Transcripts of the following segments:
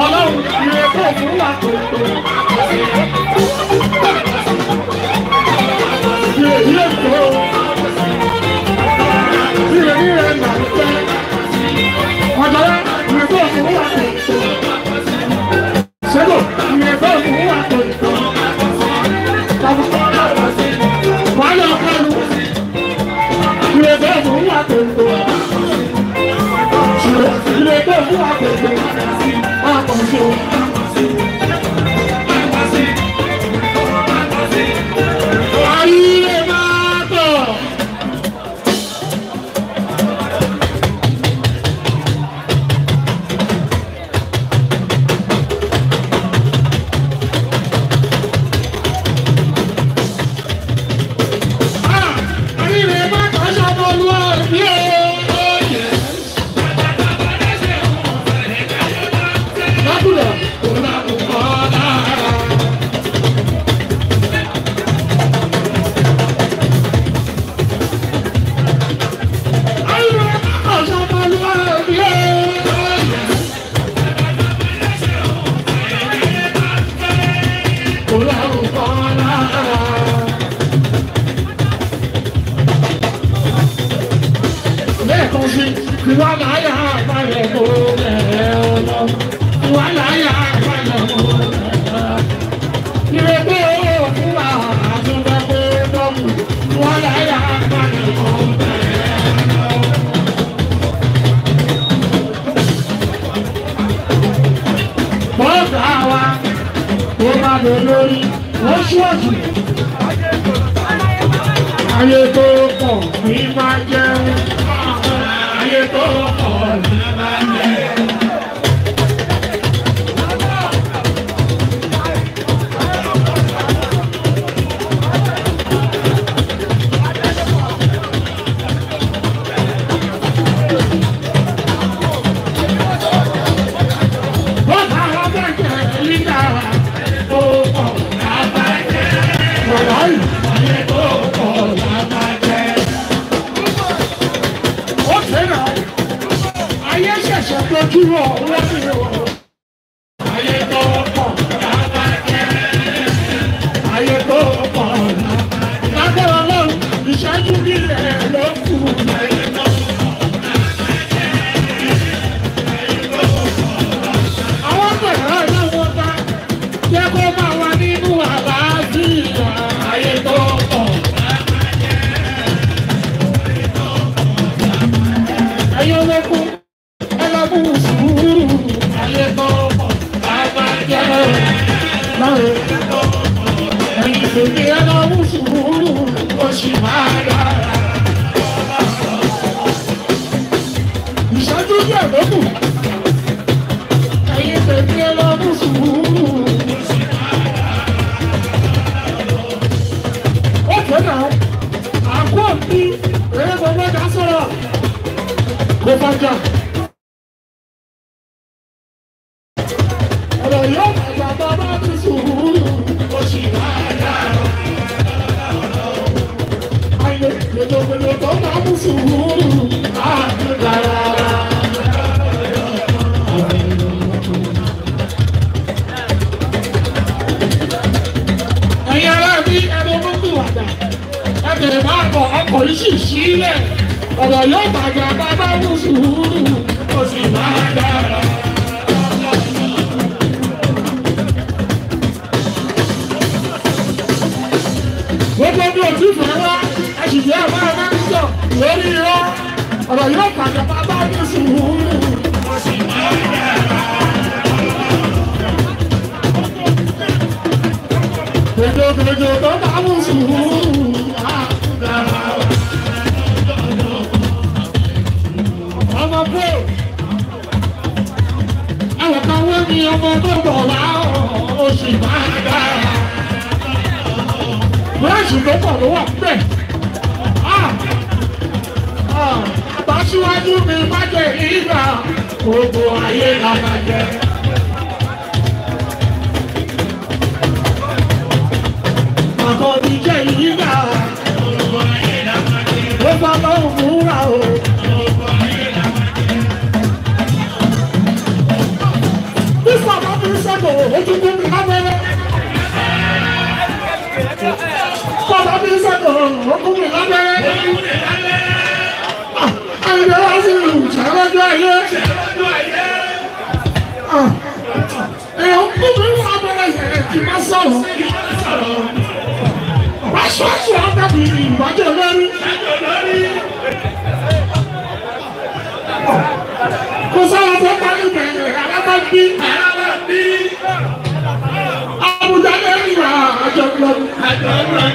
Ọlọ́run ìrẹ́pọ̀ Let me see, you are my heart, my lé lórí wọ́n ṣíwájú. ayé tó pọ̀ ní máa jẹun ayé tó pọ̀. ayé ṣẹ̀ṣẹ̀ tọ́jú wọ̀ wọ́n sì wọ̀. ayé tó díẹ̀ ló kù. ayé tó díẹ̀ lọ kù sùúrù. ó tó nà ó àgọ́ mi ẹ̀rọ mẹ́ta sọ̀rọ̀ kó fàjà. ọ̀rọ̀ yóò fàjà bá bá ti sùúrù. ó sì máa dà ọ́. ayé lójoojúmọ́ tó máa mú sùúrù. àdúrà rárá. lè má bọ̀ ọkọ̀ yìí sì sílẹ̀ ọ̀rọ̀ yóò bàjẹ́ bàbá mú sùúrù kò sì máa dára. gbogbo bí òtún fẹ́ wá ẹ̀sìn yẹn máa máa ń sọ lórí irọ́ ọ̀rọ̀ yóò bàjẹ́ bàbá mú sùúrù kò sì máa dára. gbogbo gbogbo tó bá mú sùúrù. ọmọ tó bọ̀ wá oṣù máa dá. Bẹ́ẹ̀sì ló pọ̀ ló wà ah, ah, bẹ́ẹ̀. Bàṣíwájú mi má jẹ ìgbà gbogbo ayé la má jẹ. Màkọ́ òkúmi lábẹ́rẹ́. Àyẹ̀dẹ̀ wá sí ìlú ṣàlọ́jọ́ ayé. Èèyàn òkúmi wà bẹ̀rẹ̀ yẹ̀rẹ̀ kì má sọ̀rọ̀. Wáṣọ́ọ̀ṣì àtàbí ìbàjẹ́ lórí. Kò sọ̀rọ̀ tó parí bẹ̀rẹ̀ alábàbí. Àbújá lẹ́yìn àjọ̀gbọ̀n. Àjọ̀gbọ̀n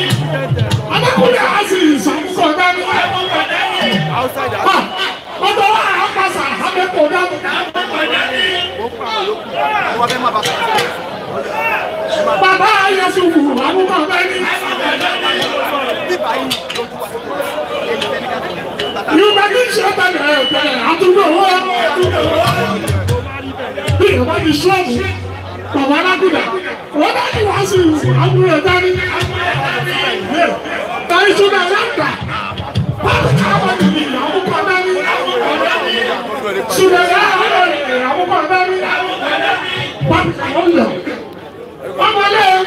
bàbá yẹsùn kù àwọn bàbá ẹni. yorùbá kì í ṣe ọ̀tẹ̀lẹ̀ ọ̀tẹ̀lẹ̀ àtúndò owó bí yorùbá ti ṣọ́ọ̀bù bàbá alágùdà wọ́n bá ní wàá sí àbúrò dání. báyìí sọ́dọ̀ aláǹdà báwo ni àwọn ènìyàn ń kọ́ dání. sùdẹ̀ náà. ọmọlẹ́